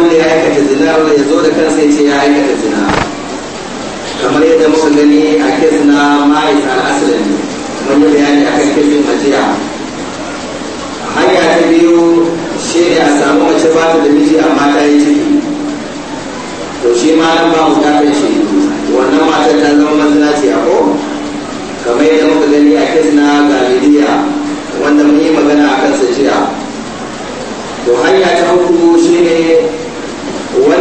wanda ya aikata zina wanda ya zo da kansa ce ya aikata zina kamar yadda muka gani a kes na ma'aisa al'asirin wanda bayani akan kirkin majiya hanya ta biyu shi ne a samu mace ba ta da miji amma ta yi ciki to shi ma nan ba mu ta shi wannan matar ta zama manzana ce a ko kamar yadda muka gani a kes na galibiya wanda mun yi magana a kansa jiya to hanya ta uku shi ne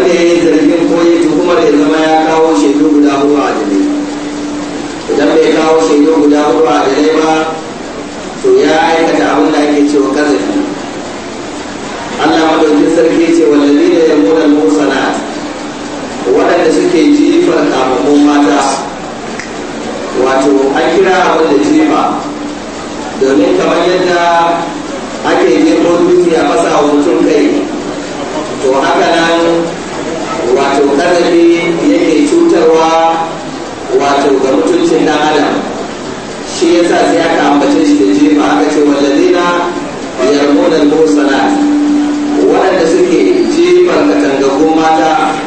wanda ya yi zargin ko ya tuhumar da zama ya kawo shaidu guda huwa a dare idan bai kawo shaidu guda hudu a dalai ba to ya aikata abin da ake cewa kazafi Allah madaukin sarki ce wanda ne da yamuna musana waɗanda suke jifar kamakon mata wato an kira abin da jifa domin kamar yadda ake girman dukiya masa wancan kai to haka nan wato ƙarfi yake cutarwa wato ga mutuncin dan adam shi yasa sai aka ambace shi da jima aka ce wallazina yarmuna al-mursalat waɗanda suke jefar katangagun mata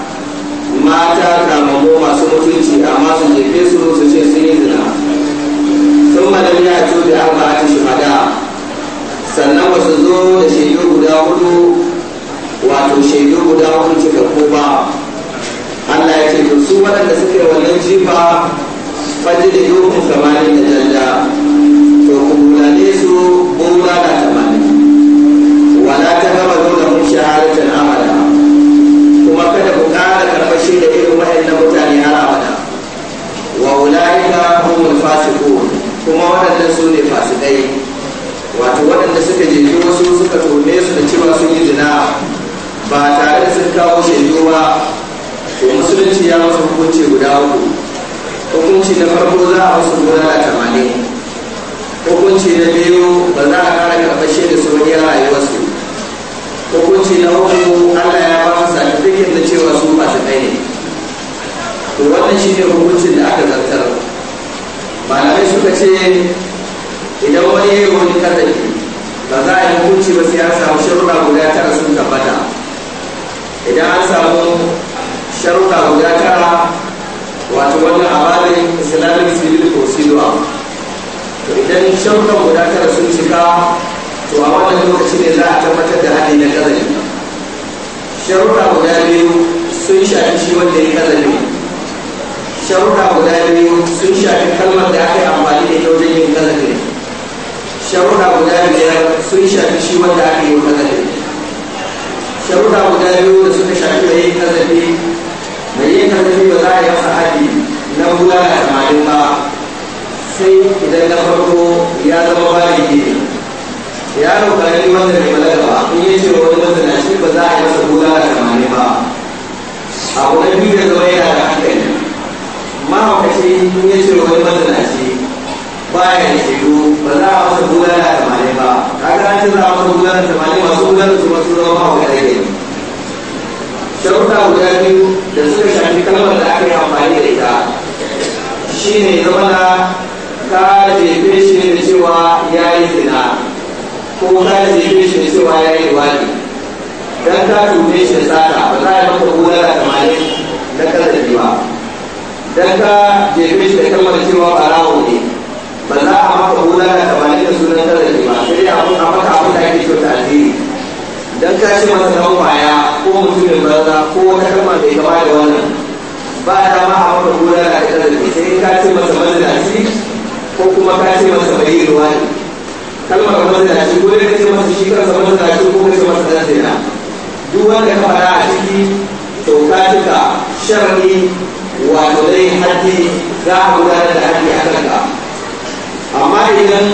wasu izina ba tare da sun kawo shaidu ba musulunci ya masa hukunci guda uku hukunci na farko za a musu gudana tamanin hukunci na biyu ba za a kara karɓar da sau rayuwarsu hukunci na uku allah ya ba su satifikin da cewa su masu ɗaya ne to wannan shi ne hukuncin da aka zartar malamai suka ce idan wani ya yi wani kazafi ba za a yi hukunci ba sai an samu sharuɗa guda tara sun tabbata idan an samu sharuɗa guda tara wato wannan amalin islamic civil procedure to idan sharuɗa guda tara sun cika to a wannan lokaci ne za a tabbatar da haɗi na ƙazali sharuɗa guda biyu sun shafi shi wanda ya ƙazali sharuɗa guda biyu sun shafi kalmar da aka yi amfani da ita wajen yin ƙazali sharuda guda biyar sun shafi shi wanda aka yi kazafi sharuda guda biyu da suka shafi mai yin kazafi mai yin kazafi ba za a yi masa haɗi na ruwa da tamanin ba sai idan na farko ya zama ke ya rauka yi wanda bai balaga ba in yi cewa wani shi ba za a yi masa ruwa da tamanin ba a wani biyu da zama yana da hankali mahaukaci in yi cewa wani shi ba ya da shiru ba za a masa bulala tamanin ba kaga an ce za a masa bulala tamanin masu ba su masu zama ba wa ɗaya sharuɗa guda biyu da suka shafi kalmar da aka yi amfani da ita shine zama na ka jefe shi ne da cewa ya yi zina ko ka jefe shi da cewa ya yi wani dan ka tume shi da sata ba za a masa bulala tamanin na biyu ba dan ka jefe shi da kalmar cewa ɓarawo ne ba za a maka bulala kamar da sunan tare da ba sai dai a maka abin da ake kyau ta addini dan ka ce masa dan kwaya ko mutumin banza ko wata kalma da ya da wannan ba da ma a maka bulala da tare da sai ka ce masa mazalaci ko kuma ka ce masa bai ruwa ne kalmar mazalaci ko da ka ce masa shi kansa mazalaci ko ka ce masa da zina duk wanda ka fara a ciki to ka duka sharri wato dai haddi za a gudanar da haddi a kanka amma idan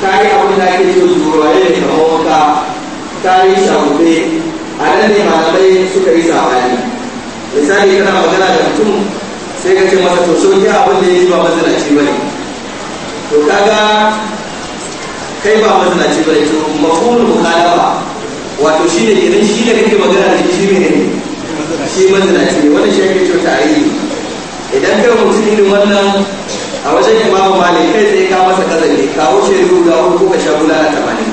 ta yi abin da ake su zuwaye da kama ta yi shafuɗe a nan ne malamai suka yi sabani misali kana magana da mutum sai ka ce masa to ya abin da ya ji ba mazinaci ba ne to kaga kai ba mazinaci ba ne to mafhumul mukhalafa wato shi ne idan shi ne kake magana da shi ne shi mazinaci ne wannan shi ake cewa tarihi idan kai mutum irin wannan a wajen imamu malik kai sai ka masa kazali kawo shaidu guda uku ko ka sha bulala tamanin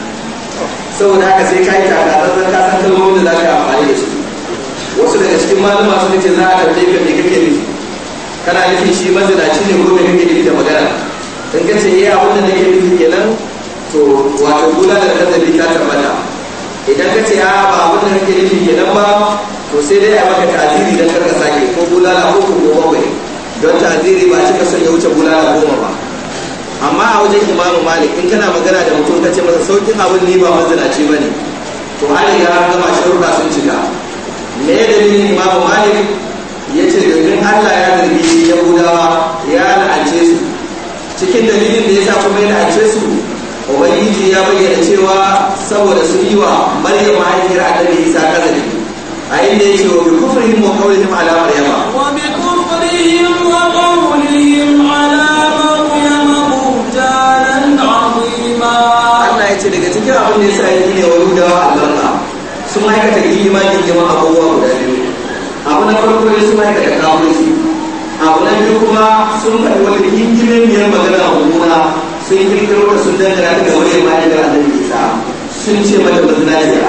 saboda haka sai ka yi takatsantsan ka san kalmomin da za ka yi amfani da su wasu daga cikin malama sun ce za a tafi ka me kake nufi kana nufin shi mazinaci ne ko me kake nufi da magana in ka ce iya eh, abin da nake nufi kenan to wato gula da kazali ta tabbata idan ka ce a ba abin da nake nufi kenan ba to sai dai a maka taziri don karka sake ko la ko kuma bakwai don ta'ziri ba cika son ya wuce bulala goma ba amma a wajen imamu malik in kana magana da mutum ka ce masa saukin abin ni ba mazinaci ba ne to hali ya gama shirka sun cika me ya dalilin imamu malik ya ce domin allah ya zargi yahudawa ya la'ance su cikin dalilin da ya sa kuma ya la'ance su ubangiji ya bayyana cewa saboda su yi wa maryam mahaifiyar annabi isa kazari a inda ya ce wa bi kufrihim wa qawlihim ala maryama cikin abin da ya sa ya ne wa yahudawa albarka sun aikata imanin jama abubuwa guda biyu abu na farko ne sun aikata kafirci abu na biyu kuma sun faɗi wani injiniyar magana a mummuna sun yi kirkiro da sun dangana daga wani ma'aikatar annabi isa sun ce mata mazinaciya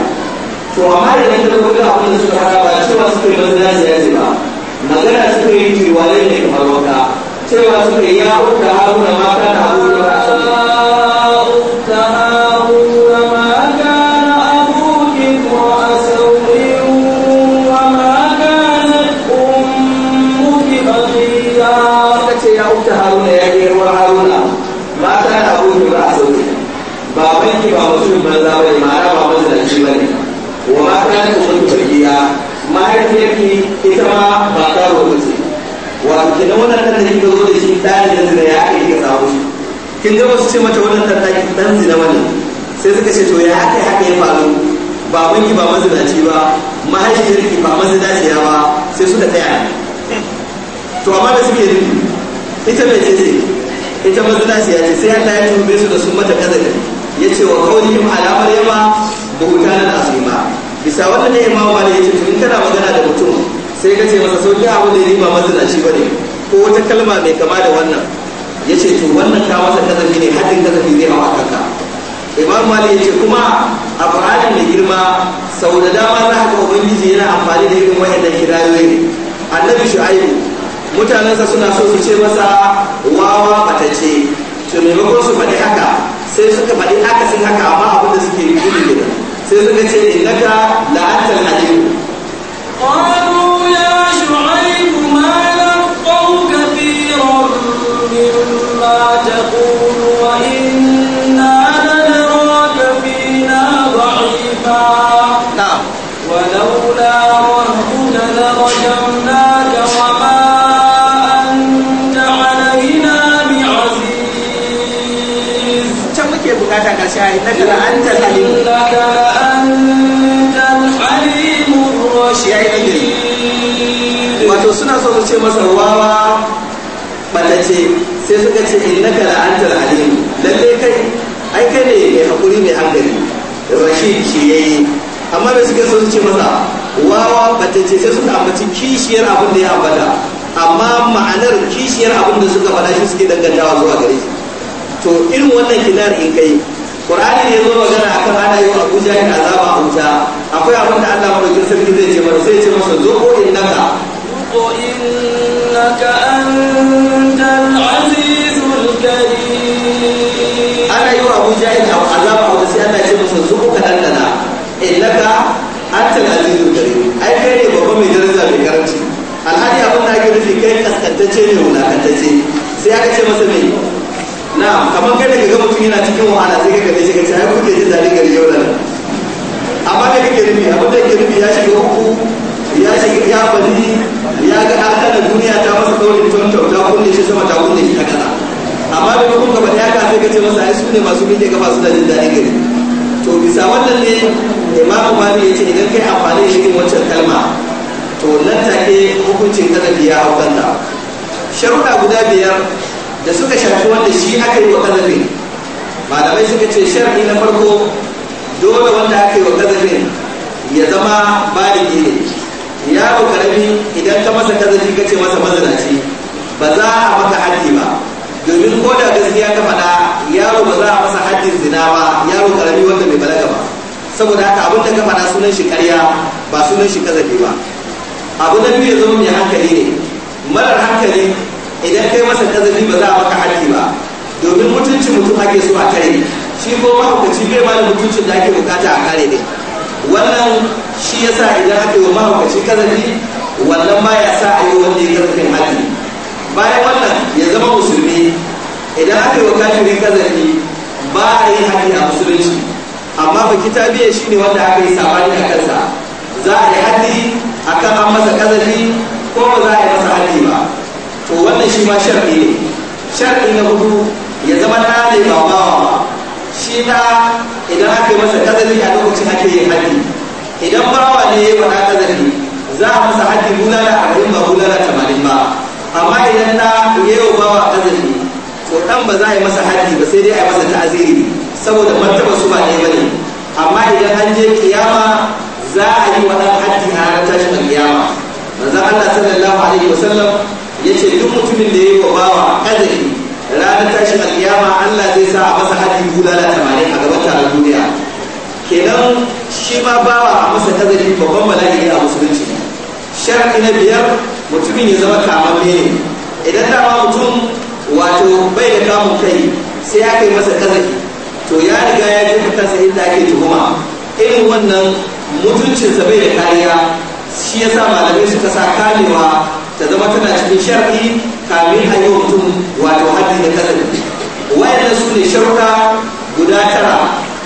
to amma idan ta kuka abin da suka ba cewa suka yi mazinaciya ce ba magana suka yi jiwalai ne kamar wata cewa suka yi ya kuka haruna mata da abubuwa a أخت هارون يا إير هارون ما كان أبوك امرأ سوء بابنك بابا سوء من الله ما أنا وما كان أمك بقيا ما يكفيك إتما باقار ومسي وكنا ولا تنهي بذور شيء ثاني كتابوش kin ga wasu ce mata wannan tattaki dan zina wannan sai suka ce to ya haka haka ya baban ki ba mazinaci ba ba mazinaciya ba sai suka taya to amma da suke nufi ita mai ce ce ita mazinaci siya ce sai Allah ya tumbe su da sun mata kazalin ya ce wa kaunihim ala maryama buhutanan ba bisa wannan ne ya mawa malik ya ce tun kana magana da mutum sai ka ce masa sauki abu da ni ba mazinaci ba ne ko wata kalma mai kama da wannan ya ce to wannan ka masa kazafi ne haɗin kazafi zai hawa kanka imam mali ya ce kuma a qur'anin da girma sau da dama za ka ubangiji yana amfani da irin wayannan kirayoyi annabi shu'aibu mutanensa suna so su ce masa wawa ce to maimakon su faɗi haka sai suka faɗi akasin haka amma abin da suke yi sai suka ce innaka la'antal alim إنك لأنت الحليم إنك لأنت الحليم الرشيد wato suna so su ce masa wawa ballace sai suka ce innaka la antal alim lalle kai ai kai ne mai hakuri mai hankali rashid shi ya yi amma da suka so su ce masa wawa ballace sai suka ambaci kishiyar abin da ya ambata amma ma'anar kishiyar abin da suka faɗa shi suke dangantawa zuwa gare shi to irin wannan kinar in kai Qur'ani ne zo magana akan ana yi wa Abu Jahil azaba a akwai abin da Allah madaukin sarki zai ce masa sai ce masa zo ko innaka ko innaka antal azizul karim ana yi wa Abu azaba a wuta sai Allah ce masa zo ka dandana innaka antal azizul karim ai kai ne babban mai daraja mai karanci alhali abin da ake nufi kai kaskantacce ne wulakantacce sai aka ce masa mai na kamar kai da kaga mutum yana cikin wahala sai ka kalle shi ka ce ai kuke jin daɗin gari yau da nan amma da kake nufi abin da kake nufi ya shiga uku ya shiga ya bari ya ga aka da duniya ta masa kawai tonton ta kunne shi sama ta kunne shi haka amma da kun gaba ya ka sai ka ce masa ai su ne masu miƙe gaba su da jin daɗin gari to bisa wannan ne imamu mali ya ce idan kai amfani da irin wancan kalma to nan take hukuncin kanabi ya hau kanta sharuɗa guda biyar da suka shafi wanda shi aka yi wa kazafin malamai suka ce shar'i na farko dole wanda aka yi wa kazafin ya zama bani ne yaro karami idan ka masa kazafi ka ce masa mazanaci ba za a maka haddi ba domin ko da gaskiya ka faɗa yaro ba za a masa haddin zina ba yaro karami wanda mai balaga ba saboda haka abin da ka faɗa sunan shi karya ba sunan shi kazafi ba abu na biyu ya zama mai hankali ne marar hankali idan kai masa kazafi ba za a maka haƙƙi ba domin mutuncin mutum ake so a kare shi ko mahaukaci bai ma da mutuncin da ake bukata a kare ne wannan shi yasa idan aka yi wa mahaukaci kazafi wannan ma ya sa a yi wanda ya kazafin haƙƙi bayan wannan ya zama musulmi idan aka yi wa kafirin kazafi ba a yi haƙƙi a musulunci amma ba biya shi ne wanda aka yi sabani a kansa za a yi haƙƙi akan an masa kazafi ko ba za a yi masa shi ma sharɗi ne sharɗi na hudu ya zama na ne ba bawa shi ta idan aka yi masa kazafi a lokacin ake yin haji idan bawa ne ya faɗa kazafi za a masa haɗi da arba'in ba da tamanin ba amma idan na ya yi bawa kazafi to ɗan ba za a yi masa haɗi ba sai dai a yi masa ta'aziri saboda martaba su ba ne ba ne amma idan an je kiyama za a yi wa ɗan haɗi a ranar tashin kiyama manzon Allah sallallahu alaihi wasallam yace duk mutumin da ya yi wa bawa ƙazari ranar tashi alkiyama Allah zai sa a masa hadi bulala tamanin a gaban taron duniya kenan shi ma bawa a masa kadari babban bala'i a musulunci sharafi na biyar mutumin ya zama kamamme ne idan dama mutum wato bai da kamun kai sai ya kai masa kazaki to ya riga ya jirka kansa inda ake tuhuma irin wannan mutuncinsa bai da kariya shi ya sa malamai suka sa kamewa ta zama tana cikin shar'i kamin a yi wa mutum wato hadin da kalabi da su ne sharuɗa guda tara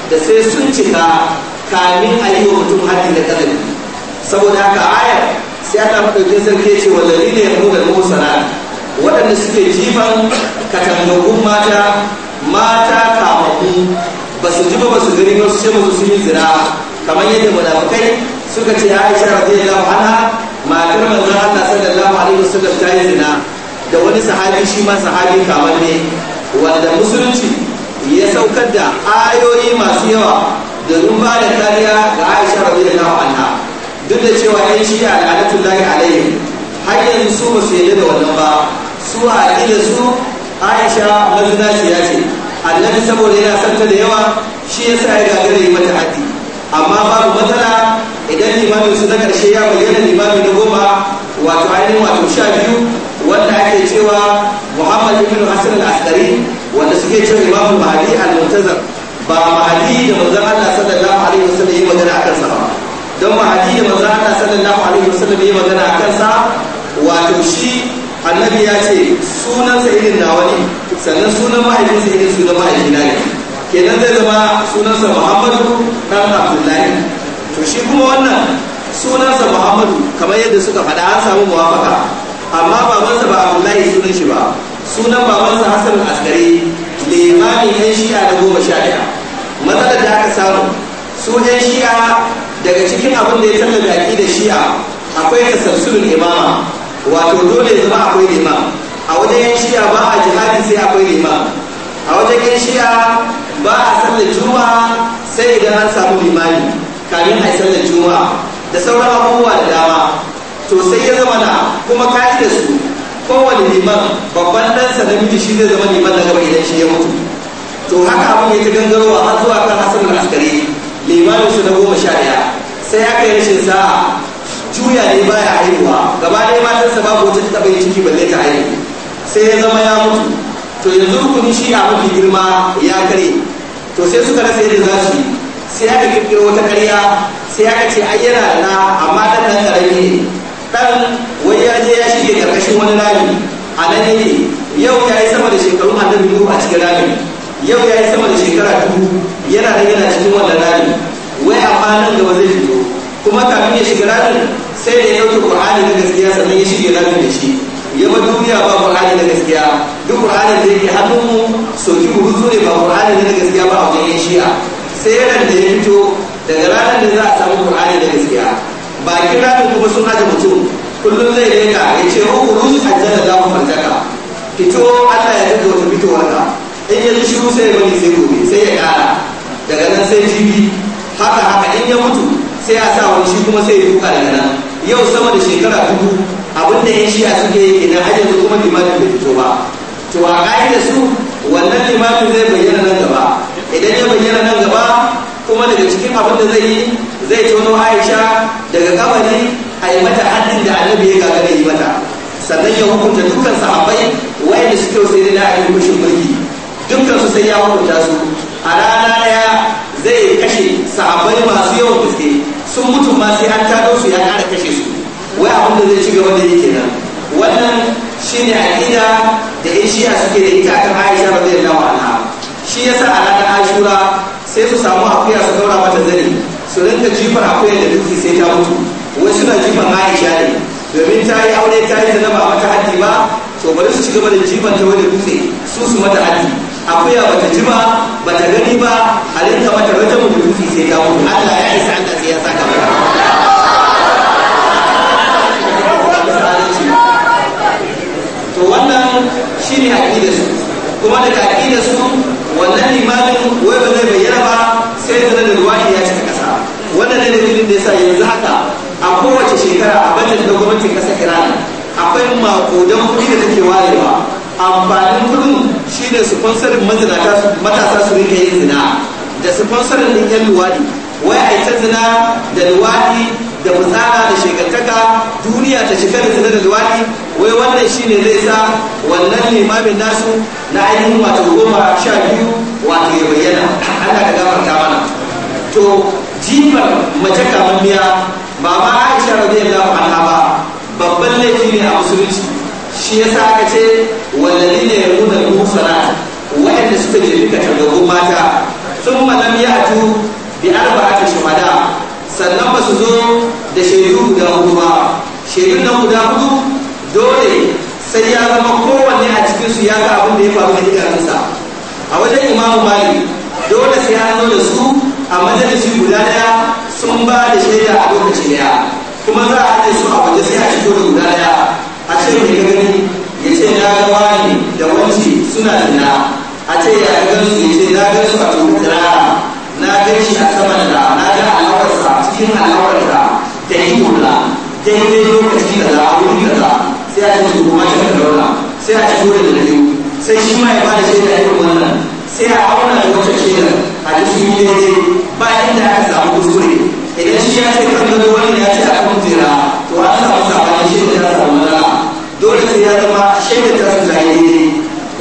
da sai sun cika kamin a yi wa mutum hadin da kalabi saboda haka ayar sai aka ɗauke sarki ce wa ne ya nuna musana waɗanda suke jifan katangagun mata mata kamaku ba su ji ba ba su gani ba su ce ba su yi zina kamar yadda munafukai suka ce ya Aisha radiyallahu hala matar manzan Allah sallallahu alaihi wasallam ta yi zina da wani sahabi shi ma sahabi kamar ne wanda musulunci ya saukar da ayoyi masu yawa da ba da kariya ga Aisha radiyallahu anha duk da cewa shi ya shi'a la'anatullahi alaihi har yanzu su ba su yarda da wannan ba su a da su Aisha ya ce annabi saboda yana santa da yawa shi yasa ya gagara yi mata haddi amma babu matsala idan limamin su na karshe ya bayyana limami na goma wato ainihin wato sha biyu wanda ake cewa muhammad ibn hasan al-askari wanda suke cewa Limamin mahadi al muntazar ba mahadi da manzon Allah sallallahu alaihi wasallam yi magana akan sa ba don mahadi da manzon Allah sallallahu alaihi wasallam yi magana akan sa wato shi annabi ya ce sunansa irin nawa ne sannan sunan mahaifinsa irin sunan mahaifina ne kenan zai zama sunansa muhammadu dan abdullahi to shi kuma wannan sunansa muhammadu kamar yadda suka faɗa an samu muwafaka amma babansa ba abdullahi sunan shi ba sunan babansa hassan askari limamin yan shi'a na goma sha ɗaya matsalar da aka samu su yan shi'a daga cikin abin da ya tallata da shi'a akwai tasarsulul imama wato dole zama akwai lima a wajen yan shi'a ba a jihadi sai akwai lima a wajen yan shi'a ba a sallar juma'a sai idan an samu limami kamin a sallar juma'a da sauran abubuwa da dama to sai ya zama na kuma kaji da su kowane liman babban ɗansa miji shi zai zama liman na gaba idan shi ya mutu to haka abin ya ta gangarowa har zuwa kan hasan da askari limanin su na goma sha daya. sai ya kai rashin sa'a juya ne baya haihuwa gaba ɗaya matansa babu wata taɓa ciki balle ta haihu sai ya zama ya mutu to yanzu rukuni shi a mafi girma ya kare to sai suka rasa yadda za su yi sai aka kirkiro wata kariya sai aka ce ai yana na amma dan nan karami ne dan wani ya je ya shige karkashin wani rami a nan ne yau ya yi sama da shekaru hannun biyu a cikin rami yau ya yi sama da shekara dubu yana da yana cikin wannan rami wai amma nan da zai fito kuma kafin ya shiga ramin sai da ya ɗauki ƙur'ani na gaskiya sannan ya shige ramin da shi ya ba duniya ba ƙur'ani na gaskiya duk ƙur'anin da yake hannunmu sau ki buhu ne ba ƙur'ani na gaskiya ba a wajen yan shi'a sai da ya fito daga ranar da za a samu qur'ani da gaskiya bakin ranar kuma sun haɗa mutum kullum zai daina ya ce uku oh, rusu aljanna za mu fartaka fito Allah ya daga wata fitowar ka in ya shiru sai ya bari sai gobe sai ya ƙara daga nan sai jibi haka haka in ya mutu sai ya sa wani shi kuma sai ya duka daga nan yau sama da shekara dubu abin da ya shiya suke yi na har yanzu kuma limamin bai fito ba to a ƙa'idar su wannan limamin zai bayyana nan gaba idan ya bayyana nan gaba kuma daga cikin abin da zai yi zai tono aisha daga kabari a yi mata haddin da annabi ya gagara yi mata sannan ya hukunta dukkan sahabbai wayanda suke sai da a yi mushin mulki dukkan su sai ya hukunta su a rana daya zai kashe sahabbai masu yawan gaske sun mutu ma sai an tado su ya kara kashe su wai abin da zai ci gaba da yake nan wannan shine aqida da in shi'a suke da ita kan aisha radiyallahu anha shi ya sa a ranar ashura sai su samu akuya su daura mata zari su rinka jifan akuya da duki sai ta mutu wasu na jifan aisha ne domin ta yi aure ta yi zanaba a mata haddi ba to bari su ci gaba da jifan ta wani dutse su su mata haddi akuya bata ji ba bata gani ba a rinka mata rajamu da duki sai ta mutu Allah ya isa Allah sai ya sa ka to wannan shi ne aƙidarsu kuma daga aƙidarsu wannan limamin wai ba zai bayyana ba sai da da ruwa ya cika kasa wannan ne dalilin da yasa yanzu haka a kowace shekara a bajin da gwamnatin kasa kirani akwai makodan kuɗi da take warewa amfanin kuɗin shine su matasa su rike yin zina da sponsorin din yan luwaɗi wai a yi ta zina da luwaɗi da mutsara da shekartaka duniya ta shekara da zina da luwaɗi wai wannan ne zai sa wannan limamin nasu na ainihin wato goma sha biyu wato ya bayyana ana da gafarta mana to jifar mace kamammiya ba ma aisha radiyallahu anha ba babban laifi ne a musulunci shi ya yasa aka ce wallazi ne ya nuna musala wayanda suka je duka targagun mata sun malam ya atu bi arba'ati shuhada sannan ba su zo da shaidu guda hudu ba shaidu na guda hudu dole sai ya zama kowanne a cikin su ya ga abin da ya faru da idanunsa a wajen imamu mali dole sai an zo da su a majalisi guda daya sun ba da shaida a lokaci daya kuma za a haɗe su a waje sai a shigo da guda daya a ce mai gani ya ce na ga wani da wanci suna zina a ce ya ga su ya ce na ga su a tukutura na ga shi a saman da na ga alawarsa cikin alawarsa da yi daidai lokaci da za a wuri da za a sai a kuma shi da wannan sai a ci dole da dalilu sai shi ma ya ba da irin wannan sai a auna da wata a cikin gidaje ba inda aka samu kuskure idan shi ya ce kan gado wani ya ce a kan jira to an samu sabani da ta samu matsala dole sai ya zama shaida ta su zai daidai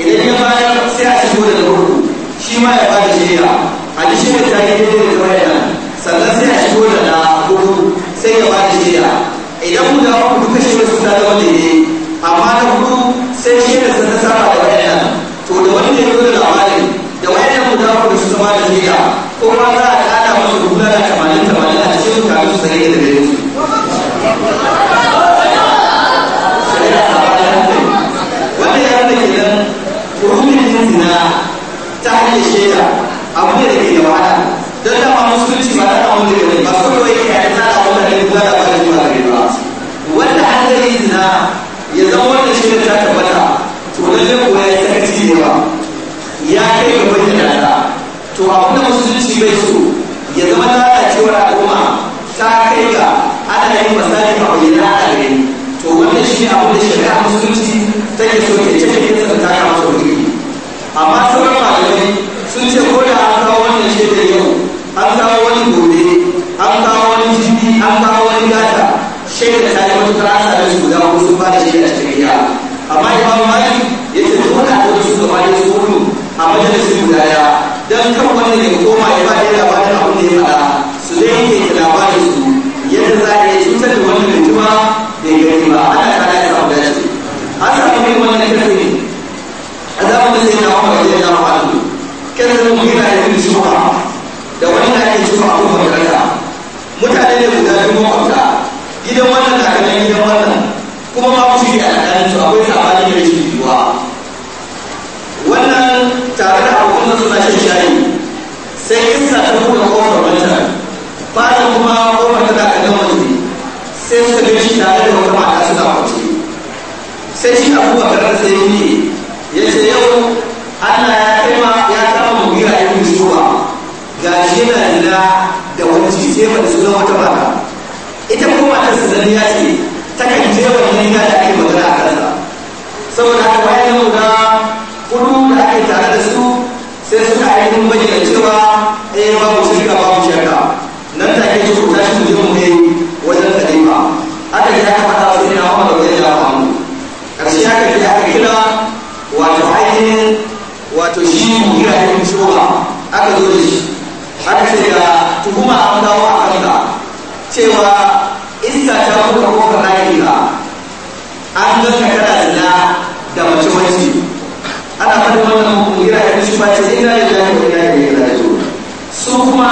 idan ya bayar sai a ci dole da uku shi ma ya ba da ya a ci shaida ta yi da kawai nan sannan sai a ci dole da hudu sai ya ba da ya idan mu da uku duka shaida su ta zama daidai amma na hudu sai shi da ta saba da wayan to da wani ne da labarin da wayan guda ko su zama da jiya ko ma za a kada musu guda da tamanin tamanin a cikin mutane su sanye da gare su wanda ya da kenan rukunin ta hanyar shaida abu ne da ke da wahala don dama musulunci ba ta da ba su kawai ya yi ake yin wajen nasa to abin da musulunci bai so ya zama cewa al'umma ta kai ga ana yin misali a wajen na a gani to wannan shi ne abin da shari'a musulunci take so ke ce ke ta ta kama so gidi amma sauran malamai sun ce ko da an kawo wannan shaidar yau an kawo wani gobe an kawo wani jibi an kawo wani gata shaidar ta yi matuƙar an sami su guda ko sun ba da shaidar shari'a amma imam malik majalisi a daya dan kan wani ne koma ya ba da labarin abin da ya faɗa su dai yake da labarin su yadda za a iya cutar da wani mai da ya gani ba ana kada ya samu dace an samu mai wannan kasa ne a zamanin da ya na da ya na faɗi kasa ne mu yana yin juma da wani na yin a kuma kanta mutane ne guda biyu makwabta gidan wannan na gidan wannan kuma ma mutum ya da su akwai sabanin sa ta buɗe kofar wancan bayan kuma kofar ta a kan waje sai suka ga shi da da wata mata su da waje sai shi kuma a karar sai ne ya ce yau Allah ya kaima ya kama mugira ya yi zuwa ga shi yana lila da wani sai ba da su wata mata ita kuma matar su zan ya ce ta kan je wannan ya da ake magana a kansa saboda haka bayan yau da kudu da ake tare da su sai suka ainihin bayyana cewa eh babu shirka babu shirka nan take su ta shi mu je wajen khalifa aka ji aka fada wa da Umar radiyallahu anhu karshe aka ji aka kira wato ainihin wato shi ya ibn shuba aka zo da shi aka ce ga tuhuma an dawo a kanka cewa iska ta buka kofar ɗaki ba an ganka kana zina da mace mace ana faɗin wannan mugira ibn shuba ce ina da kuma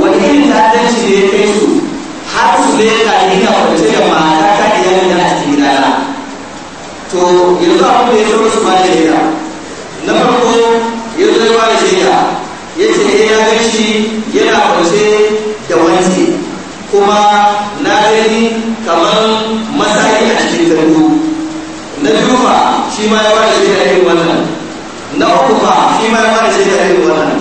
wani yin ta'addanci ne ya kai su har su ne na yi da kwace da ma ta iyalin da ake cikin gidana to yanzu abin da ya zo su ba ya na farko zo zai ba shaida ya ce ya eh, gan shi yana kwace da wanci kuma na gani kamar masaki a cikin zargu na biyu fa shi ma ya ba shaida irin wannan na uku fa shi ma ya ba shaida irin wannan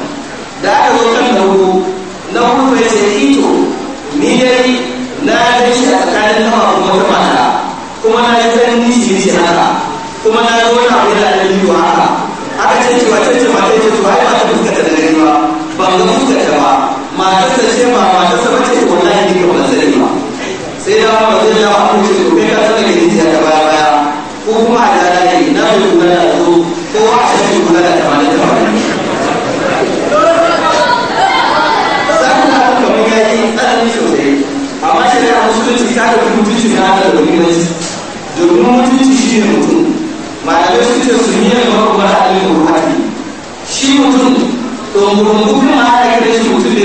da kula da zo kowa a sashen kula da tamanin tamanin sannan haka kamar ya yi tsanani sosai amma shi mutum malamai sun ce da ne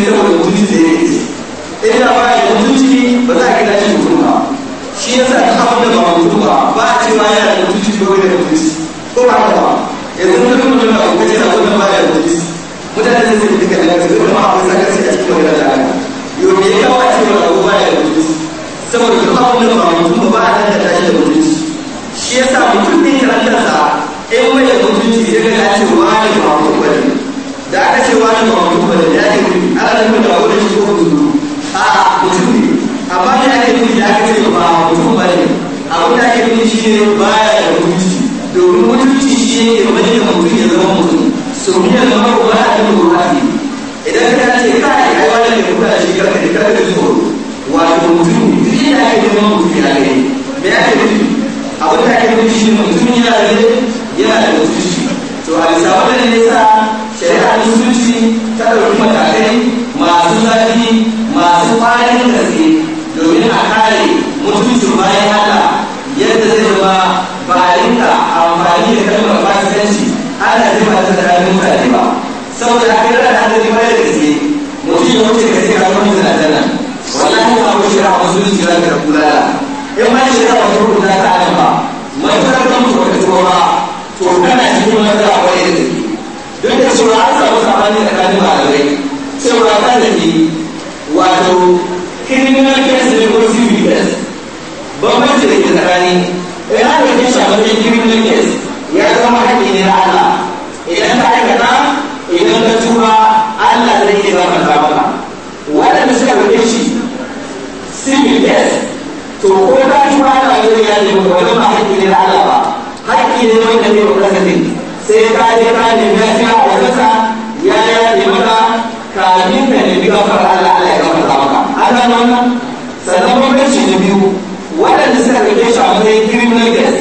saboda mutunci da ya ke idan ba mutunci ba za a kira shi shi yasa duk abin da ba mutu ba yana da mutunci ko bai da mutunci ko ba haka ba yanzu mutum na kuma yana gudun da mutunci mutane da zai duka da lafiya kuma akwai sakarci a cikin wani da lafiya yau me ya kawo cewa abu ba da mutunci saboda duk abin da ba mutu ba a dangata shi da mutunci shi yasa mutum ne ya rantasa in bai da mutunci sai ka ce wani ba mutu ba ne da aka ce wani ba mutu ba ne ya ce ana da wani ko mutu a'a mutum amma da ake da aka ce ba mutum ba ne abin da ake nufi shi ne baya da mutunci domin mutunci shi ne ya bayyana mutum ya zama mutum so mu ya zama ba a yi ruhani idan ka ce ka yi kowa da ya kuɗa shi karka da karka tsoro wato mutum duk yadda ake neman mutum ya yi me ake nufi abin da ake nufi shi ne mutum yana yi yana da mutunci to a bisa wannan ne sa shari'a musulunci ta ɗauki matakai masu zafi masu ƙwarin gaske kare mutuncin bayan Allah yadda zai zama ba a rinka amfani da kalmar fasikanci ana zama ta da rami mutane ba saboda haka yana da hadari bayan da ke mutum ya wuce ka ce ka zama mutum a nan wallahi ba ku shira a wasu zuciya da kulala in ma shira ba wasu rubuta ta nan ba mai fara kan mutum ka tuwa ba to kana cikin matsala kwarai da ke don ka cewa an samu sabani da kanin ba a rai cewa kan da ke wato criminal case ne ko civil case bambanci da ke tsakani ya ɗauke shi a matsayin criminal case ya zama haƙƙi ne na Allah idan ka aikata idan ka tura Allah zai ke zama ta maka waɗanda suka ɗauke shi civil case to ko ka tuba Allah zai iya zama wani ba haƙƙi ne na Allah ba haƙƙi ne wanda ne ba kasa ne sai ka je ka ne ya fi a wajensa ya ya ne maka kafin ka ne bi ka fara Allah Allah ya gafar ta a sannan kuma kashi na biyu waɗanda suka kake shi a matsayin criminal case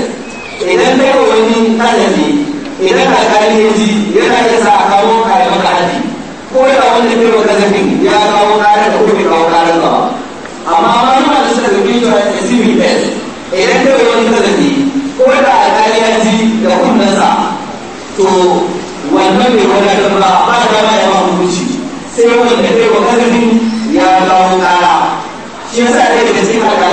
idan kai wa wani idan ka ya ji yana iya sa a kawo ka yi maka haɗi ko da wanda kai wa kasafin ya kawo ƙarar da kuma kawo ƙarar ba amma wani ma da suka kake shi a civil case idan kai wa wani tallafi ko da alƙali ya ji da kunnansa to wannan bai wadatar ba ba da ma ya ma hukunci sai wanda kai wa kasafin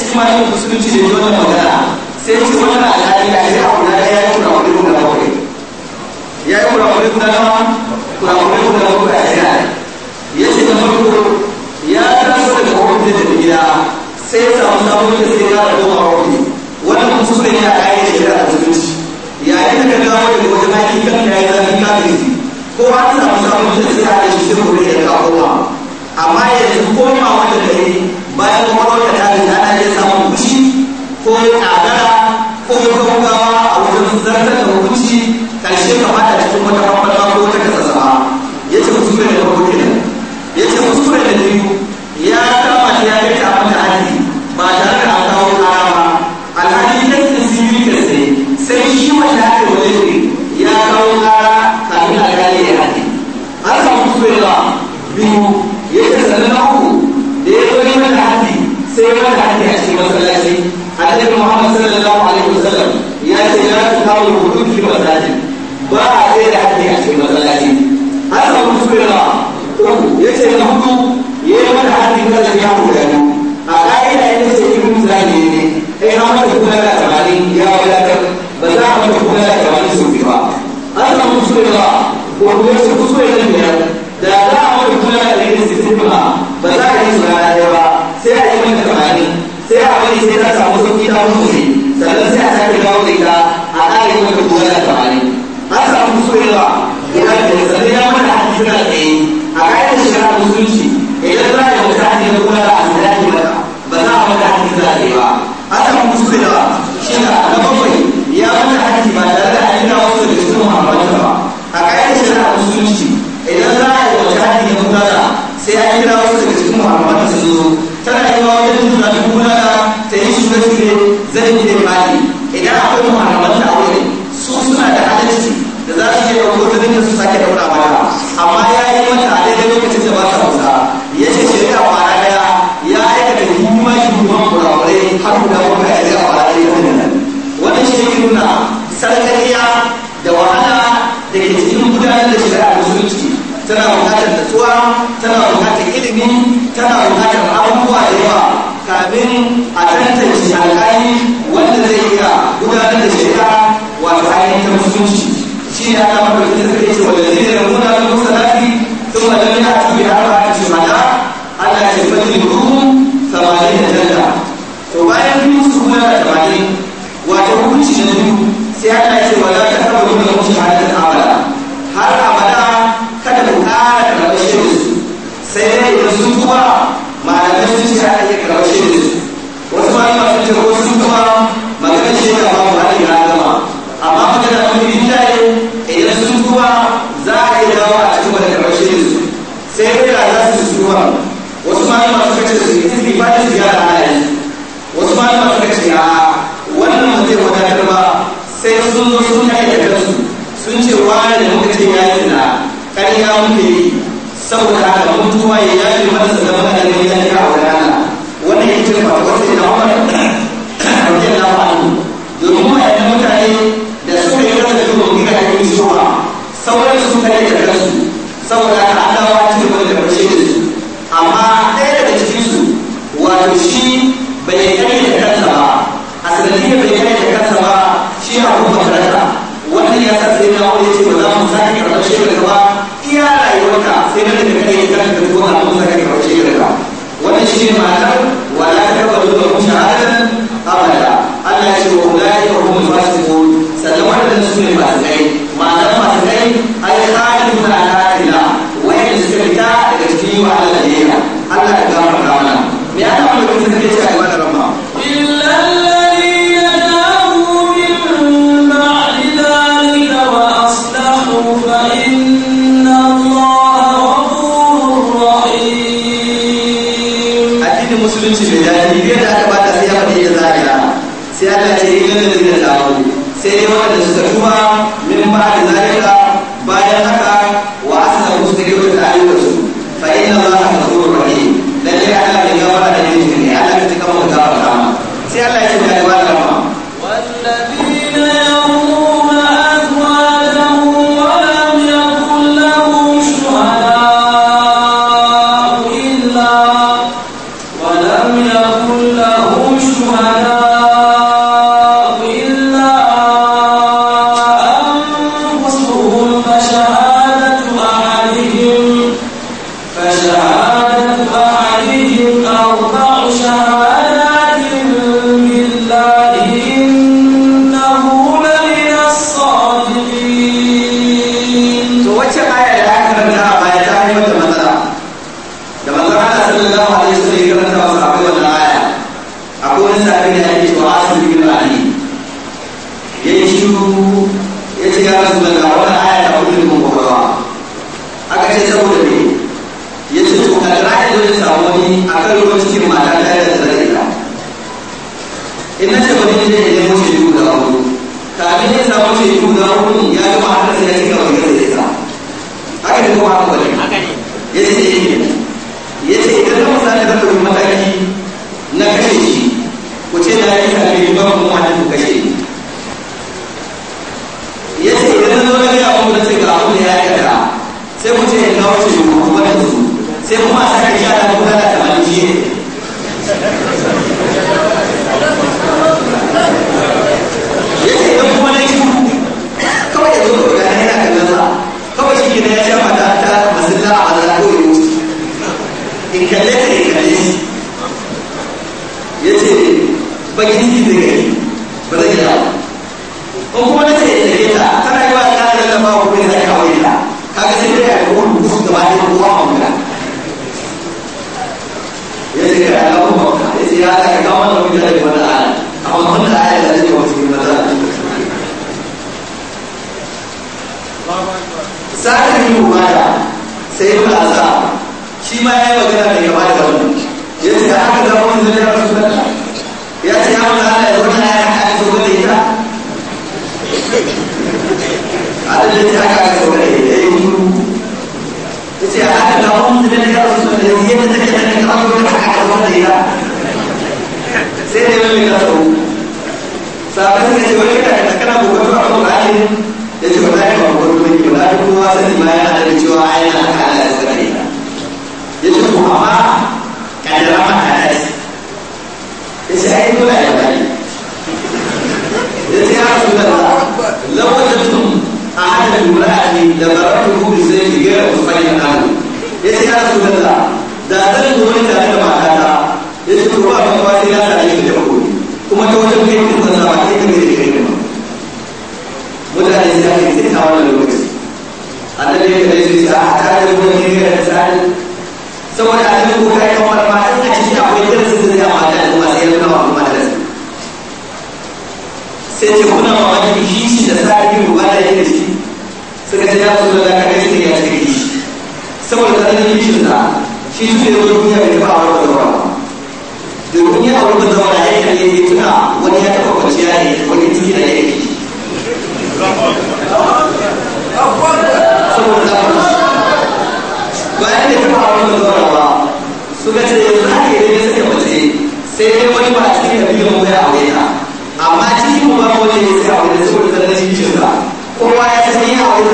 cikin malamin musulunci da ya magana sai ya ce wannan alhali da yi guda ɗaya ya yi kurakure guda bakwai ya yi kurakure guda nawa kurakure guda bakwai a jira ya ce na farko ya taso daga ofis da gida sai ya samu sabon da sai ya rabu a ofis wannan kuskure ne a kayan da shari'a musulunci yayin da ka dawo daga wajen aiki kan da ya zafi kafin ko an samu sabon da sai ya rabu shi sai gobe ya kawo amma yanzu koma wanda ka yi bayan kuma wanda ko ya tsagara ko ya gaugawa a wajen zartar da hukunci karshe ka da cikin wata kwakwalwa ko ta kasa zama ya ce kuskure da farko kenan ya ce kuskure da biyu ya kama ta ya yi ta mata hali ba tare da an kawo kara ba alhali ta ke sirri da sai sai shi ma ta ke ne ya kawo kara kafin a gane ya hali an samu kuskure ba biyu ya ce sannan annabi muhammad sallallahu alaihi wasallam ya ce la tuqamu hudud fi masajid ba a da haddi a cikin masallaci har sa mun sura ba ya ce na yi mana da ya huda ne a ka'ida ya ce ibn zani ne ai eh, na mata kuma da tabani ya wadatar ba za a mata kuma da tabani su ba har sa mun sura ba ko kuma su kusure da da yi sai a sai a bari sai ta samu sauki ta mutu sannan sai a sake dawo da ita a ƙara yi ta gobe da tamanin a samu kusurewa idan da sannan ya a cikin da tsaye a ƙa'idar shekara musulunci idan za a yi wata hajji na kuma za a zaki mata ba za a a cikin da tsaye ba an samu kusurewa shi na bakwai ya mata ba musulunci ne zai yi da limani idan akwai muharramanta a wurin su suna da adalci da za su je da wato zai su sake daura mana amma ya yi mata a daidai lokacin da ba ta musa ya ce shari'a kwana daya ya aikata himma himman kurakurai har guda kuma ya zai a kwana daya da nan wannan shi ne nuna sarkakiya da wahala da ke cikin gudanar da shari'a musulunci tana bukatar natsuwa tana bukatar ilimi tana domin a tantance wanda zai iya gudanar da shari'a wato ainihin ta musulunci shi ne aka mafarki da suka yi ce da zai da muna da musulunci sun ma cikin harba a cikin mata ni fatan ziyara ana yi wasu malama suka ce a wannan zai wadatar ba sai sun zo sun kai da kansu sun ce wani da muka ce ya yi na ƙarya muke yi saboda haka mutuwa ya yafe mana da mana da ya yi a wadana wannan ya ce ba wata da umar rajin da ba domin mutane mutane da suka yi rasa duba gida da yin shura suka yi da kansu saboda haka Allah ya ce wanda ba ce da bai da kansa ba shi na kuma karanta wannan ya sa sai na wani ce ba za mu sake karɓar shaida ba iya rayuwarka sai na da kai kan da kuma na mu sake karɓar shaida ba wannan shi ne ma'anar wala ta ba zuwa mu shahadatan abada Allah ya ce wa ulai wa hum fasiqun sannan wannan su ne masu dai ma'anar masu dai ai khaliduna ala ila wa'in suka fita daga cikin wa Allah ne Allah ya sai dai wanda suka tuba min ba da zalika in kalle ka in kalle ya ce bakin ji da gari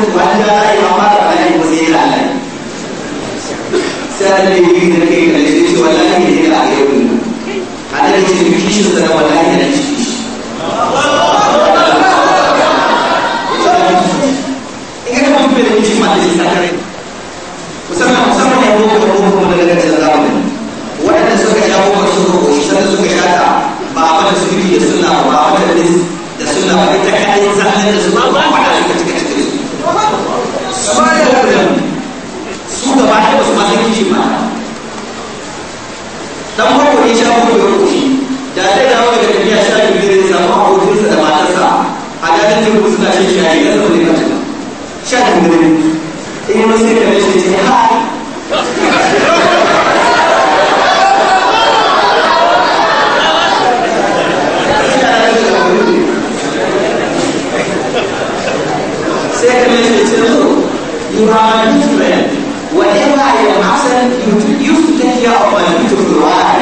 mutu ba an gara yi amma da ana sai da yi da kai kalle sai ce wallahi ne da aka yi a nan ce biki shi da wallahi da shi musulunci shi shi yayi da zai whatever I am absent you, you take care of my beautiful wife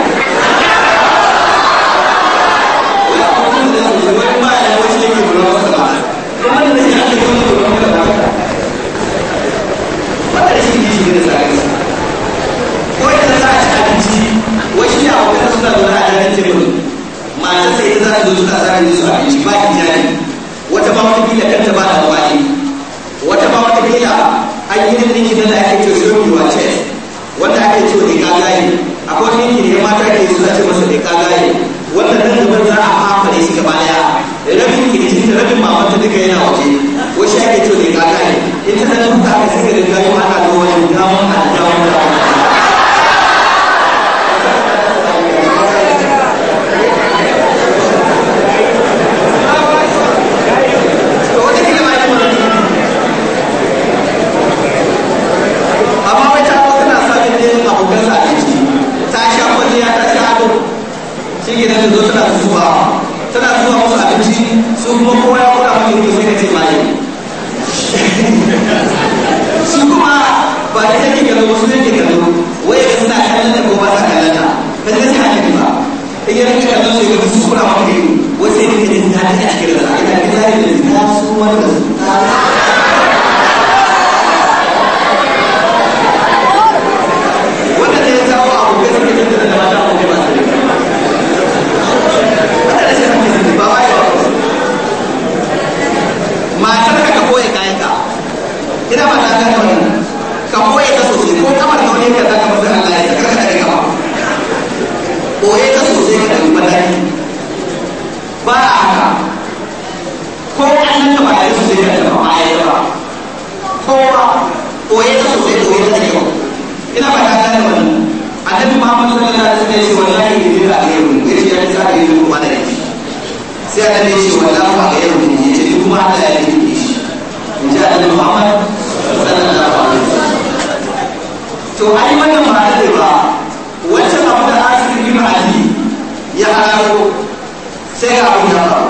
za su suka zare su a yi ba hijabi wata ba wata kila kanta ba da gabaɗe wata ba wata kila an yi da ɗinki da ake ce zomi wa ce wanda ake ce wa ɗika akwai wani ɗinki ne mata ke su ce masa ɗika gaye wanda nan gaban za a hafa ne shi gaba ɗaya rabin kirjin da rabin mamanta duka yana waje ta zo tana zuwa tana zuwa musu abinci su kuma kowa ya kuɗa mai yanzu sai ka ce maye su kuma ba da take kallo ba su ne ke kallo wai ka suna kallon ko ba sa kallon ta ba ta ta ba in yana kika kallon da ka su kuna maka yi wai sai ne ka ta ta ta a kira da ta ta ta ta su wani ta sai a ne ce a yau ne ya ce kuma Allah ya yi in ji annabi Muhammad sallallahu alaihi wasallam to ai wannan ba da ba wancan da ibn Ali ya haro sai ga abu ya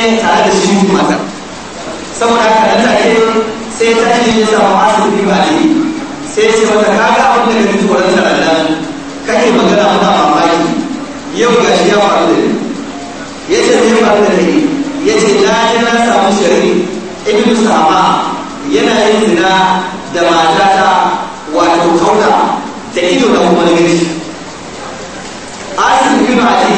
tare da shi mutum mata saboda haka nan da ke sai ta ne sa ya su asibi ba ne sai ce mata kaga abin da kake tsoron da Allah kake magana mata mamaki yau ga shi ya faru da ni ya ce zai faru da ni ya ce na ji na samu shari ibnu sama yana yin zina da matata wato kauta da ido da kuma gani asibiti ba ce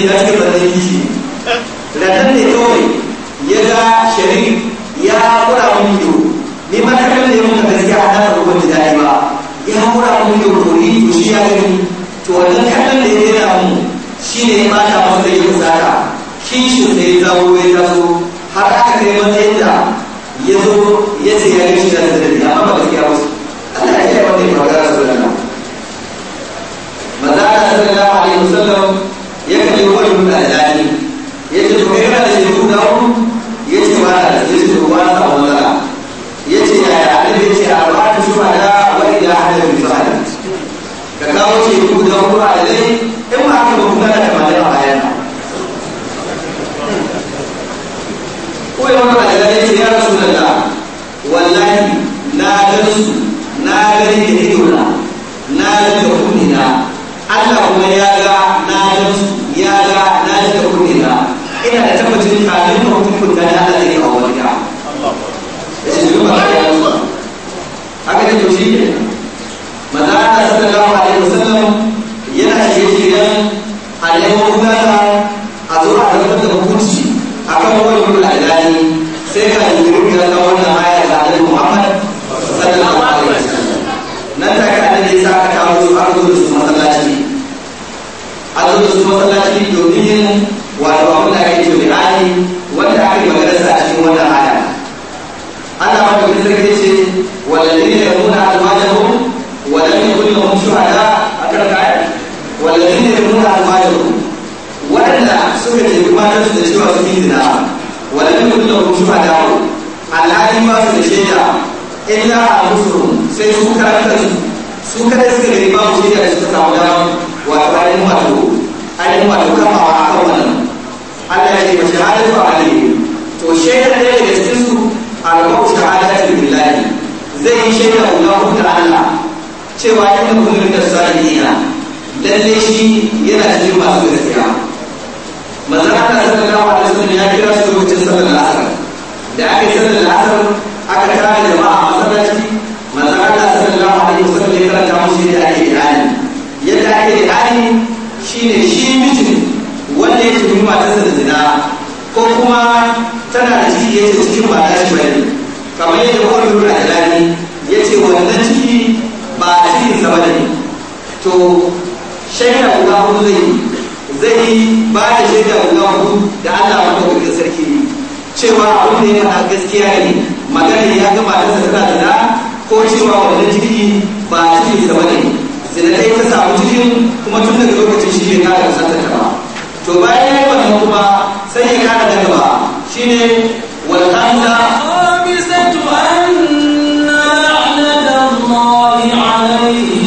shi na ke balle kishi ranar ne kawai ya ga sharif ya kura mun ido ni ma ta kalle mun da gaskiya a nan rubun da dai ba ya kura mun ido ko ni ko shi ya gani to wannan kallon da ya rera mu shine mata bata masa da yin zaka kishin da ya zawo ya har aka kai matsayin da ya zo ya ce ya gashi da da amma ba gaskiya ba matan su da cewa su yi zina wala ne mutum da kuma fada alhali ba su da shaida illa a musu sai su karanta su su kada suka ba su shaida da wato wato wato a kan wannan Allah ya ce ba shahada su a to shaida ɗaya daga cikin su shahada billahi zai yi shaida guda Allah cewa inda kullum da lalle shi yana cikin masu Allah sallallahu alaihi wasallam ya kira su lokacin sallar al'asar da aka yi sallar al'asar aka kira jama'a a masallaci manzo Allah sallallahu alaihi wasallam ya karanta musu yadda ake ihani yadda ake shine shi mutum wanda yake bin matarsa da zina ko kuma tana da ciki yace cikin ba ta shi bane kamar yadda wani lura da dani yace wannan ciki ba a cikin sa bane to shaida guda zai yi zai ba da shaida da hudu da Allah kuke sarki ne cewa abin da yana gaskiya ne magana ya gama da matarsa da na ko cewa wannan ciki ba ciki da bane zina ta samu cikin kuma tun daga lokacin shi ne kara da ta ba to bayan ya yi wannan kuma sai ya kara da gaba shine wal qanza anna la'nata Allah alayhi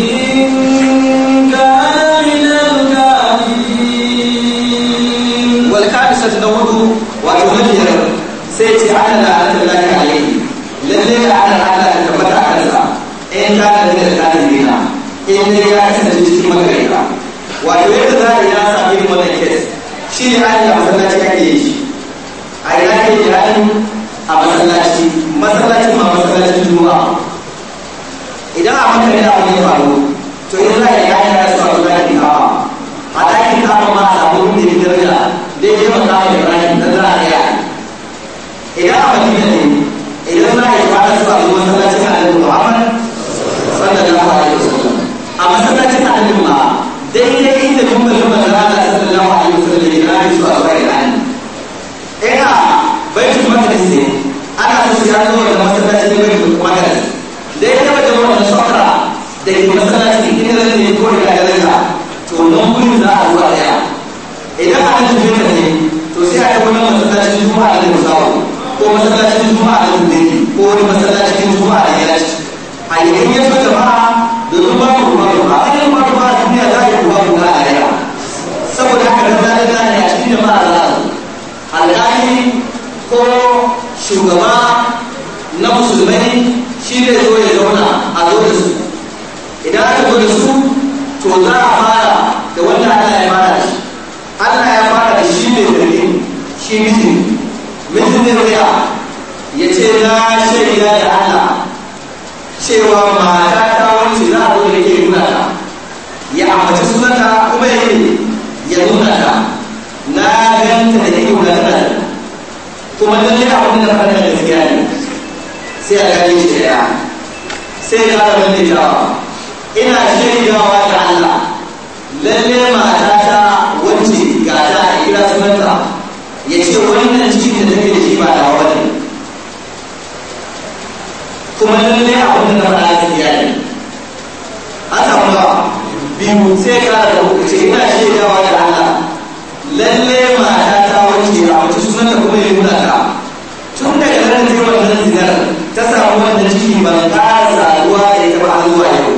in ya ya kasance cikin magarita wato yadda za a yi na samu yin wannan kes shi ne an yi a masallaci ake yi shi a ina ke yi a masallaci masallacin ma masallacin juma'a idan a mutane da abin ya faru to in za a yi cewa mata ta wuce za a wani ke nuna ta ya ambaci sunanta kuma ya ya nuna ta na ganta da yake wula tana kuma lallai abin da fara da gaskiya ne sai a gani shi da ya sai ya zama da jawa ina shaidawa ta Allah lalle ta wuce ga ta a kira sunanta ya ce wani na cikin da take da shi ba da abin da na faɗa da iyali an ba biyu sai kara da uku ce ina shaidawa da Allah lalle mata ta wanke a wata sunan da kuma yi ta tun daga nan sai nan zinar ta samu wannan ciki ba ta saduwa da ita ba zuwa yau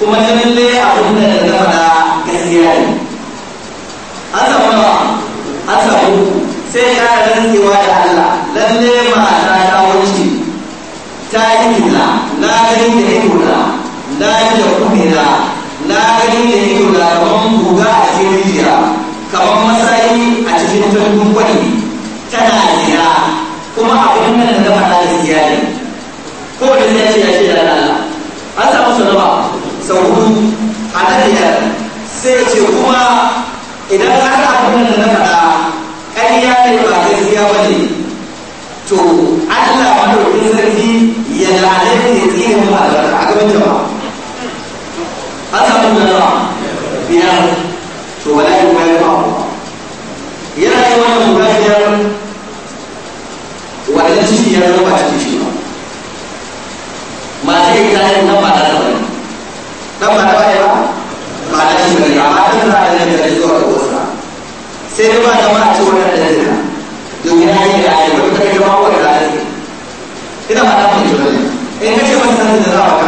kuma ta lalle abin da na gaskiya ne an ba an samu sai kara rantsewa gani da ido na da kumina na gani da ido na kamar buga a cikin rijiya kamar matsayi a cikin tarbin kwani tana zina kuma nan da faɗa ne ko da ya ce ya ce da Allah an samu su nawa sau hudu a nan sai ce kuma idan ana abin nan da faɗa ƙarya ne ba gaskiya ba ne to Allah madaukin sarki من الأعلام اللي تجيهم هذا عجبني الرعب أثر من الرعب في هذا شو بلاقي مبالغ يا أيها المبالغ وعلمتي يا Yeah.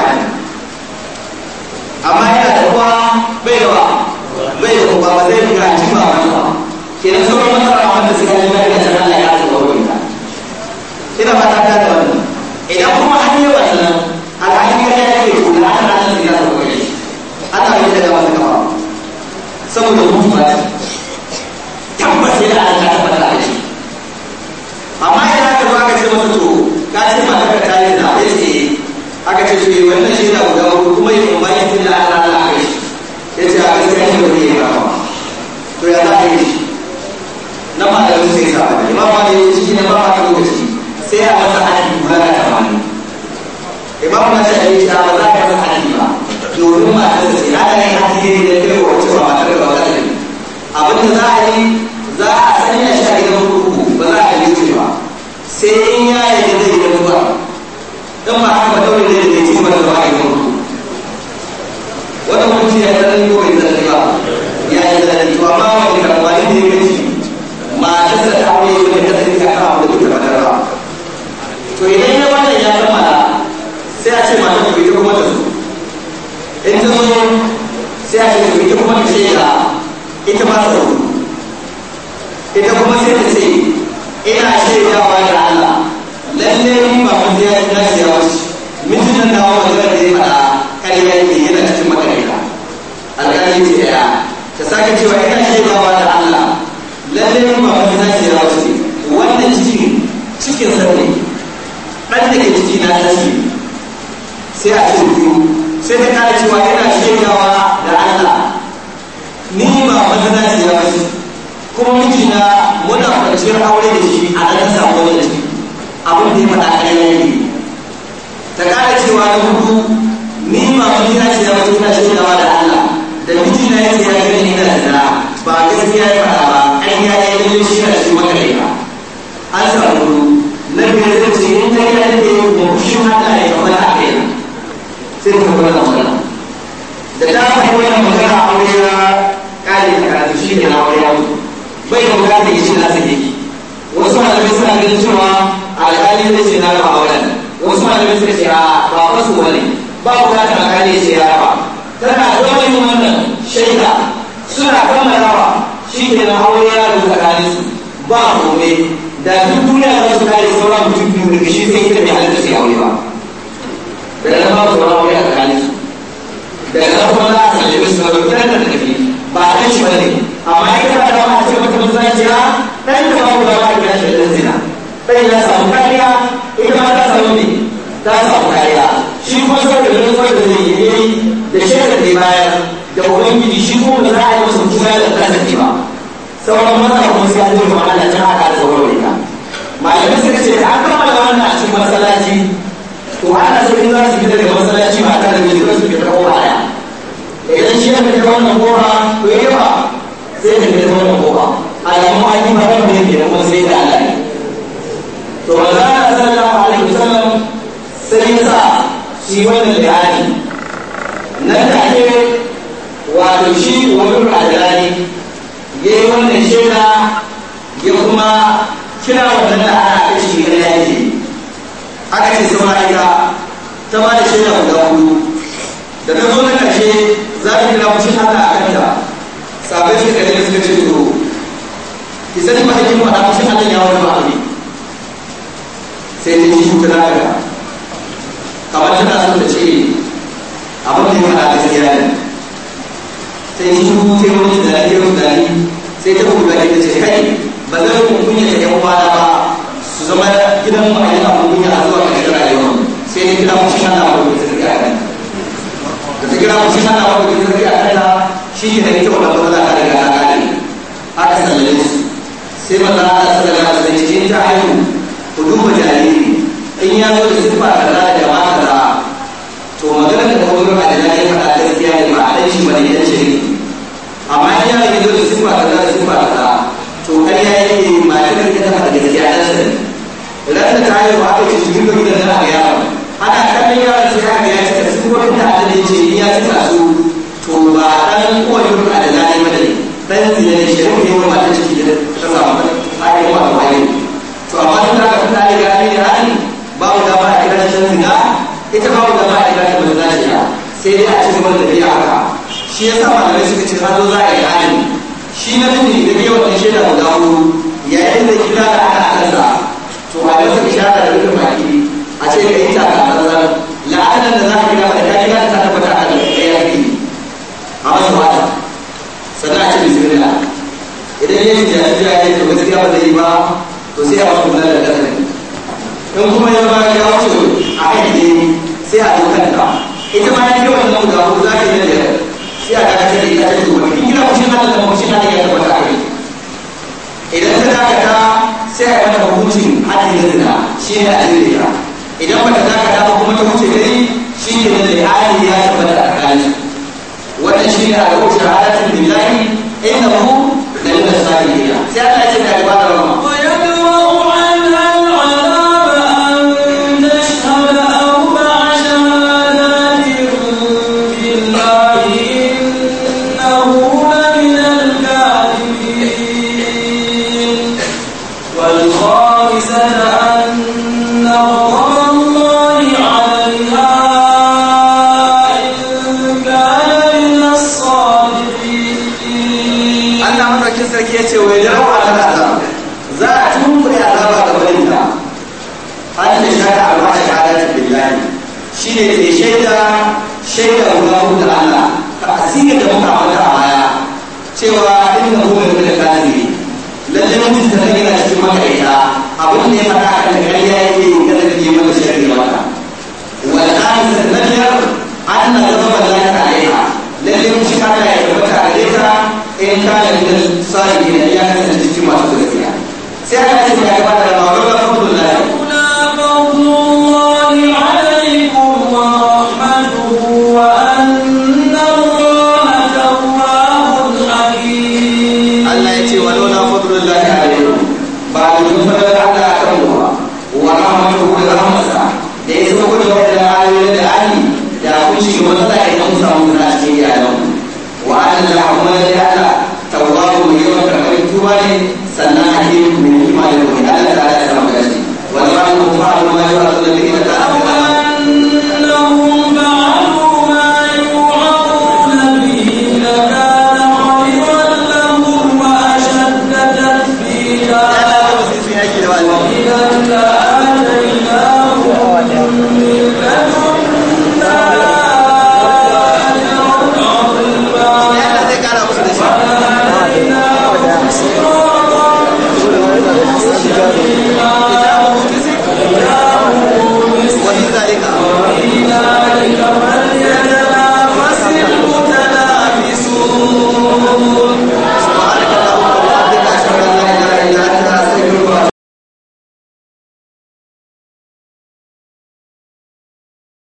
wanda ne ciki na ba a lokaci sai a masa haɗi kula da amfani imam na shari'a ta ba za ka masa haɗi ba domin ma ta ce ana yin haɗi ne da kai wa wacce ba matar da ba za ta yi abin da za a yi kuma ce ita ba ta ita kuma sai ta ce ina ba da Allah lalle ni ba mun ya na ya wuce mijin da wa da zai fada kariya yake yana cikin makarita alƙali ce ya ta sake cewa ina ba da Allah lalle ni ba mun ya ya wuce wannan cikin cikin sarki ɗan da ke ciki na tashi sai a ce biyu sai ta kare cewa ina shaidawa da Allah hana da yawa kuma mijina muna kwanciyar aure da shi a ɗan samu wani ɗan abin da ya faɗa ƙarya ne ta ƙara cewa na hudu ni ma mijina ce ya mutu na shaidawa da Allah da mijina ya ce ya ni na zina ba gaskiya ya faɗa ba ƙarya ya yi shi na shi wata ne ba an samu na biyar zai ce in ta yi da ya ko shi hada ya kamar a kai sai ta kuma da magana da ta fahimta magana a wuri kare karatu shi ne na wani yawo bai da bukatar ya ce na sake ki wasu malamai suna ganin cewa alƙali ce na raba auren wasu malamai suka ce a ba wasu wani ba bukatar alƙali ya ce ya raba tana dole yin wannan shaida suna kammalawa shi ke na aure yaro tsakanin su ba kome da duk duniya za su kare sauran mutum biyu daga shi sai ita mai su sai aure ba da nan ba su wani a tsakanin su ɗan shi bane amma in kana da wani ce mata mutum zai jira ɗan da babu da wani kira shi zina ɗan ya samu kariya ita ma ta samu ne ta samu kariya shi kuma sau da wani zai yi da shaidar da bayar da ubangiji shi kuma ba za a yi masa juna da kasafi ba sauran maza kuma sai an jirma Allah ta haka da sauran rika malamai suka ce an kammala wannan a cikin masallaci to daga masallaci idan shi aka ga wannan goma to yawa sai ka ga wannan goma alamu a yi fara ne ke nan sai da to ne to manzo Allah a alaihi sallam sai ya sa shi wannan bayani nan da ake wato shi wani rajani ya yi wannan shaida ya kuma kira wannan ana kashi na yaji aka ce sama ita ta ba da shaida guda hudu da ta zo na ƙarshe za ka kira fushin Allah a kanta sabai suka ne suka ce to ki sani ba kin faɗa fushin Allah ya wani ma'abi sai ta ji shuka na daga kamar tana so ta ce abin da ya faɗa gaskiya ne sai ji shuka sai wani da ya yi da sai ta kuma gani ta ce kai ba zan kunya ta yan kwana ba su zama gidan mu a yi abin kunya a zuwa ƙarshen rayuwa sai ne kira fushin Allah a wani ku ci sana wa kuma zai a kaina shi ke da yake kuma za a daga na aka sallame su sai maza aka sallama da zai ce ta haihu ku duba jariri in ya zo da sifa kaza da ma kaza to maganar da kuma a da ya faɗa gaskiya ne ba a dan shi bane dan shi amma in ya zo da sifa kaza da sifa kaza to kai ya yi ma da kanta da gaskiya dan shi ran da ta haihu aka ce in ka so to ba dan kowane mutum a da zai ba ne dan zina ne shi ne wani matan ciki da ta samu ba a yi wa ba ne to amma duk da ka fita ne ga ne rani babu dama a kira shi zina ita babu dama a kira shi ba zai ya sai dai a ci zaman da biya haka shi ya sa malamai suka ce hannu za a yi rani shi na miji da biya wannan shaida guda hudu yayin da kira da aka kansa to malamai suka shata da dukkan baki a ce ka yi taka a ranar da za ya shi a jiya ya ce gaskiya ba zai ba to sai a wasu kula da kasar in kuma ya ba ya wasu a aiki ne sai a dokar ta ita ma ya yi wannan ga za ta yi da sai a daga ta ita ta duba in kina kushin na da kushin na da ya tabbata a kai idan ta dakata sai a yi mata hukuncin adadin zina shi ne a jirgin idan ba ta dakata ba kuma ta wuce gari shi ne da ali ya tabbata a kani wannan shi ne a rubuta halatun billahi innahu jahiliya sai Allah ya ce ka ibada rama bai da rawa da azaba za a tumbuɗe azaba da barinta an da shaɗa amma a shahadatin billahi shi ne ke shaida shaidar ruwa da Allah tasirin da muka faɗa a baya cewa inda mu mai da kafiri lallai mutum da yana cikin makaita abin da ya a yi rajul sa'id ya a cikin masu gaskiya sai a ce ya a somebody